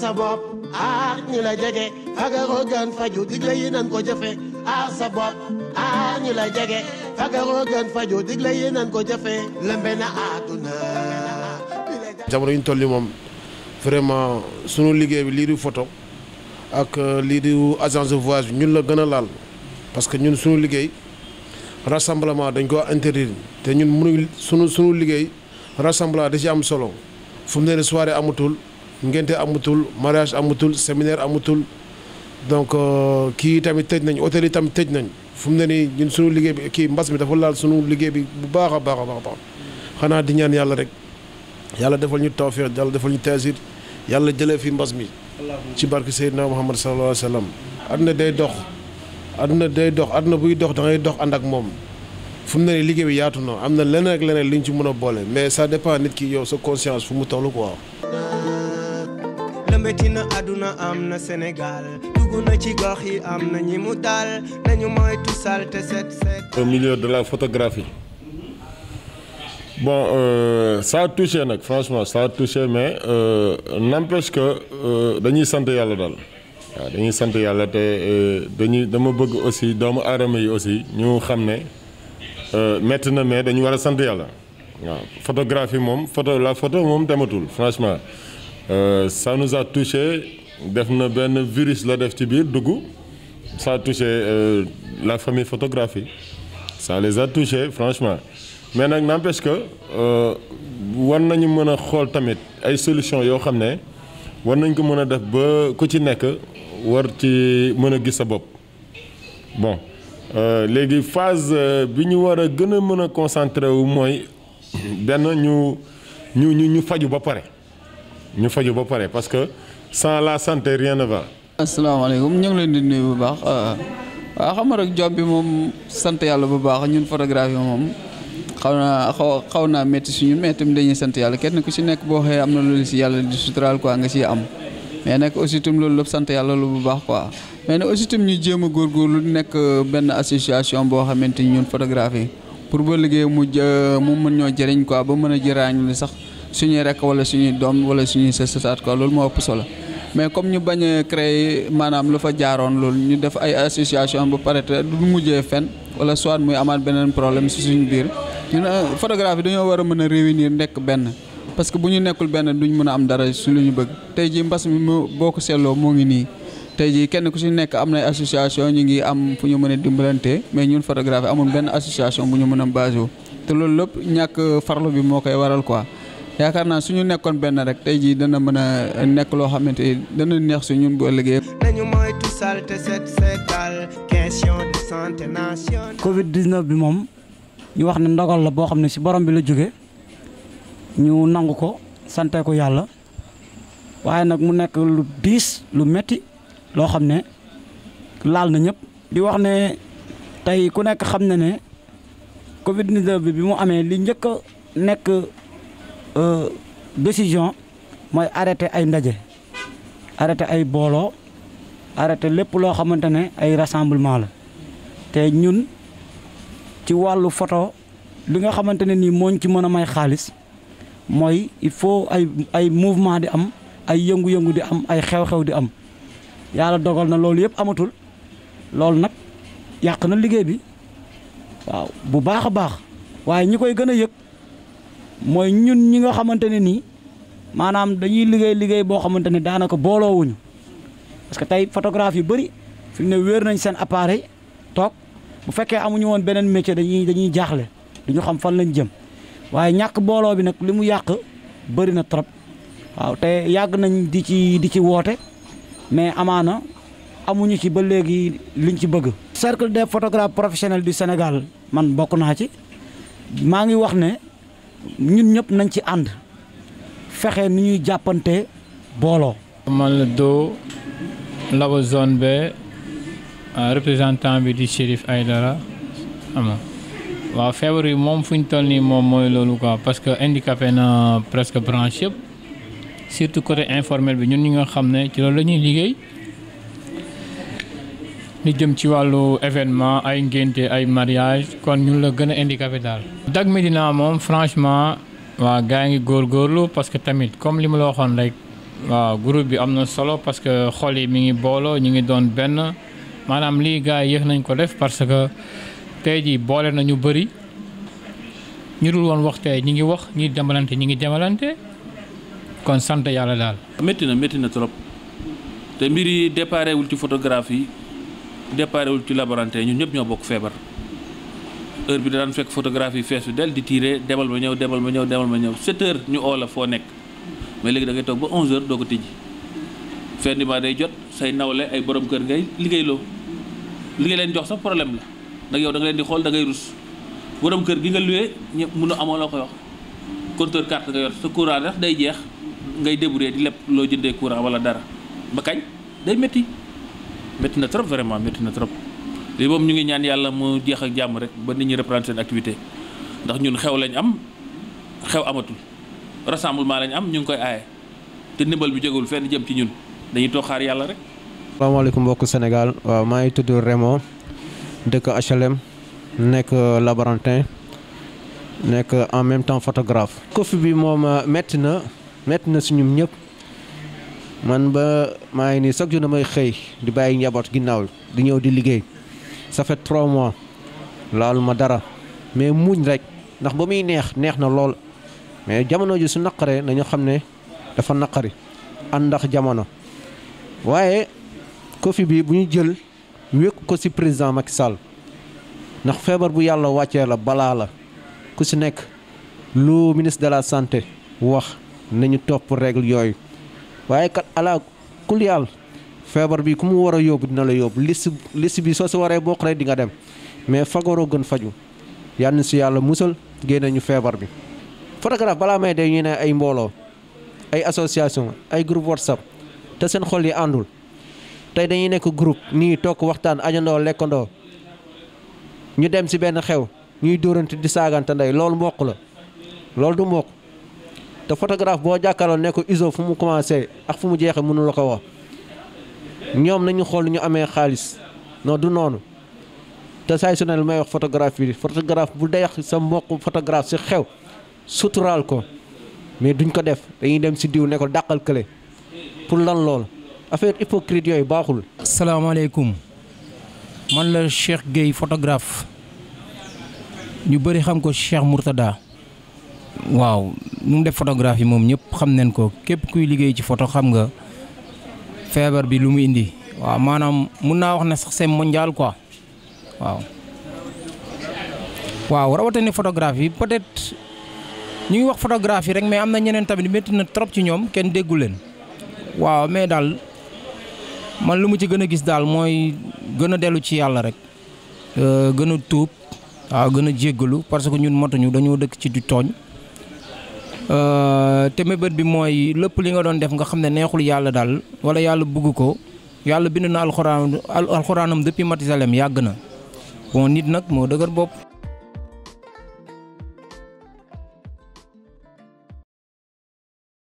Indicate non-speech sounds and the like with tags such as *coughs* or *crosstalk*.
sa bopp aar ñi la jege fagaroo gën faju digle yi nan ko jëfe aar sa la jege fagaroo gën yi moom vraiment sunu liggéey bi lii di photo ak euh, lii di agence de voyage bi ñun la gën a laal parce que ñun suñu liggéey rassemblement dañ ko interdire te ñun mënuñ sunu sunu liggéey rassemblement da ci am solo fu mu ne soirée ngénte amatul mariage amatul séminaire amatul donc ki tamit tëj nañ hôtel yi tamit tëj nañ fum mu ne nii ñun suñu liggéey bi ki mbass bi dafa laal suñu liggéey bi bu baaxa baaxa baaxa xana di ñaan yàlla rek yàlla defal ñu tawfiq yàlla defal ñu tazir yàlla jëlé fi mbass mi ci barke sayyidna Muhammad sallallahu alayhi wasallam adna day dox adna day dox adna buy dox da ngay dox ànd ak mom fum mu ne nii liggéey bi yaatu na am na ak lénen liñ ci mëna bolé mais ça dépend nit ki yow sa conscience fu mu tollu quoi au milieu de la photographie bon euh, ça a touché franchement ça a touché mais euh, n'empêche que euh, dañuy Santé yalla dal dañuy Santé euh, dañuy dama bëgg aussi doomu arame yi aussi ñu xamné euh mais photographie photo la photo mom dematul franchement ça euh, nous a touché def na ben virus la def ci bir ça a touché la famille photographie ça les a touchés franchement mais nak n'empêche que euh, war nañu mën a tamit ay solution yo xamné ne nañ ko mëna def ba ku ci nek war ci mëna sa bop bon euh, légui phase biñu wara gëna mëna gën concentré wu moy *coughs* ben ñu ñu ñu faju ba paré ñu faju ba pare parce que sans la santé rien ne va. asalaamaaleykum ñu ngi leen di nuyu bu baax waaw ah, ah, xam nga rek job moom sant yàlla bu baax ñun photographie moom xaw naa xaw xaw naa métti suñu mais tamit dañuy sant yàlla kenn ku si nekk boo xëyee am na loolu si yàlla di suturaal quoi nga siy am mais nag aussi tam loolu la sant yàlla lu bu baax quoi mais nag aussi tam ñu jéem a góorgóorlu nekk euh, benn association boo xamante ni ñun photographie pour ba liggéey mu mu mën ñoo jëriñ quoi ba mën a jëraañu li sax. suñuy rek wala suñuy doom wala suñuy sësaat quoi loolu moo ëpp solo mais comme ñu bañ a créer maanaam lu fa jaaroon loolu ñu def ay association bu pare te du mujjee fen wala soit muy amaat beneen problème si suñu biir ñun euh, photographie dañoo war a mën a réunir nekk benn parce que bu ñu nekkul benn duñ mën a am dara su lu ñu bëgg tey jii mbas mi mu boo ko seetloo moo ngi nii tey jii kenn ku si nekk am na association ñu ngi am fu ñu mën a dimbalante mais ñun photographie amul benn association bu ñu mën a basé te loolu lépp ñàkk farlu bi moo koy waral quoi yaakaar naa suñu nekkoon benn rek tey jii dana mën a nekk loo xamante ni dana neex su ñun bu ëllëgee. nañu moytu salte set seetal question de santé nationale. Covid 19 bi moom ñu wax ne ndogal la boo xam ne ci borom bi la jóge ñu nangu ko sante ko yàlla waaye nag mu nekk lu diis lu metti loo xam ne laal na ñëpp. di wax ne tey ku nekk xam na ne Covid 19 bi bi mu amee li njëkk a nekk. Euh, décision mooy arrêté ay ndaje arrêté ay booloo arrêté lépp loo xamante ne ay rassemblement la te ñun ci wàllu photo li nga xamante ne nii mooñ ci mën a may xaalis mooy il faut ay ay mouvement di am ay yëngu-yëngu di am ay xew-xew di am yàlla dogal na loolu yëpp amatul loolu nag yàq na liggéey bi waaw bu baax a baax waaye ñi koy gën a yëg mooy ñun ñi nga xamante ne nii maanaam dañuy liggéey liggéey boo xamante ne daanaka booloowuñu parce que tey photographe yu bëri fi ne wéer nañ seen appareil toog bu fekkee amuñu woon beneen métier dañuy dañuy jaaxle duñu xam fan lañ jëm waaye ñàkk booloo bi nag li mu yàq bëri na trop waaw te yàgg nañ di ci di ci woote mais amaana amuñu ci ba léegi liñ ci bëgg. cercle des photographes professionnels du Sénégal man bokk naa ci maa ngi wax ne. ñun ñëpp nañ ci ànd fexe ni ñuy jàppante booloo. man la doo labo zone B euh, représentant bi di Chérif Aïdara ama waa feebar yi moom fu ñu toll nii moom mooy loolu quoi parce que handicapé na presque branche yëpp surtout côté informel bi ñun ñi nga xam ne ci loolu la ñuy liggéey. lu jëm ci wàllu événement ay ngénte ay mariage kon ñun la gën a handicapé daal. Dak Médina moom franchement waa gaa ngi góorgóorlu parce que tamit comme li ma la waxoon rek waa groupe bi am na solo parce que xol yi mi ngi booloo ñu ngi doon benn maanaam lii gars yi yéex nañ ko def parce que tey jii boole nañu bëri ñu dul woon wax tey ñi ngi wax ñi demalante ñi ngi demalante kon sant yàlla daal. métti na métti na trop te mbir yi ci photographie déparewul ci laborantin ñun ñëpp ñoo bokk feebar heure bi daan fekk photographie fees bi del di tirer demal ma ñëw demal ma ñëw demal ma ñëw 7 heures ñu oo foo nekk mais léegi da ngay toog ba 11 heures doo ko tijji fenn ma day jot say nawle ay borom kër ngay liggéeyloo li nga leen jox sax problème la nag yow da nga leen di xool da ngay rus borom kër gi nga luwee ñëpp mënu amoo loo koy wax compteur carte nga yor sa courant def day jeex ngay débrouiller lépp loo jëndee courant wala dara ba day métti. métti na trop vraiment métti na trop lii moom ñu ngi ñaan yàlla mu jeex ak jàmm rek ba nit ñi reprendre seen activité ndax ñun xew lañ am xew amatul rassemblement lañ am ñu ngi koy aaye te ndimbal bi jógewul fenn jëm ci ñun dañuy toog xaar yàlla rek. asalaamaaleykum mbokk Sénégal waaw maa ngi tudd Raymond dëkk HLM nekk laborantin nekk en même temps photographe. Covid bi moom euh, métti na métti na si ñun ñëpp. man ba maa ngi nii chaque jour damay xëy di bàyyi njaboot ginnaaw di ñëw di liggéey ça fait trois laalu ma dara mais muuñ rek ndax ba muy neex neex na lool mais jamono ji su naqaree nañu xam ne dafa naqari ànd ndax jamono waaye Covid bi bu ñu jël wékk ko ci président Macky Sall ndax feebar bu yàlla wàccee la balaa la ku si nekk lu ministre de la sante wax nañu topp règle yooyu waaye kat ala kulli àll feebar bi ku mu war a yóbbu dina la yóbbu liste liste bi soo si waree bokk rek di nga dem mais fagaroo gën faju yal si yàlla musal génne ñu feebar bi. photographe balaa may de ñu ne ay mbooloo ay association ay groupe whatsapp te seen xol yi àndul tey dañuy nekk groupe nii toog waxtaan ajandoo lekkandoo ñu dem si benn xew ñuy dóorante di saagante ndey loolu mboq la loolu du mboq. te photographe bo jàkkaarloo ne ko ISO fu mu commencé ak fu mu jeexee munu lako wax ñom nañu xol ñu amé xaalis non du nonu te say sunel may wax photographe photographe bu day sa mbokk photographe ci xew sutural ko mais duñ ko def dañuy dem si diiw ne ko dàqal kële pour lan lool affaire hypocrite baxul assalamu alaykum man la Cheikh gay photographe ñu bari xam ko Cheikh murtada waaw nu mu def photographie moom ñëpp xam nañ ko képp kuy liggéey ci foto xam nga feebar bi lu mu indi. waaw maanaam mun naa wax ne sax c'est mondial quoi waaw. waaw rawatina photographie peut-être ñu ngi wax photographie rek mais am na ñeneen tamit métti na trop ci ñoom kenn déggu leen. waaw mais daal man lu mu ci gën a gis daal mooy gën a dellu ci yàlla rek. Euh, gën a tuub waaw gën a jéggalu parce que ñun motuñu dañoo dëkk ci du tooñ. Euh, te mébét bi mooy lépp li nga doon def nga xam ne neexul yàlla daal wala yàlla bugg ko yàlla bind na alxuraan alxuraanam depuis Mathusalem yàgg na bon nit nag moo dëgër bopp.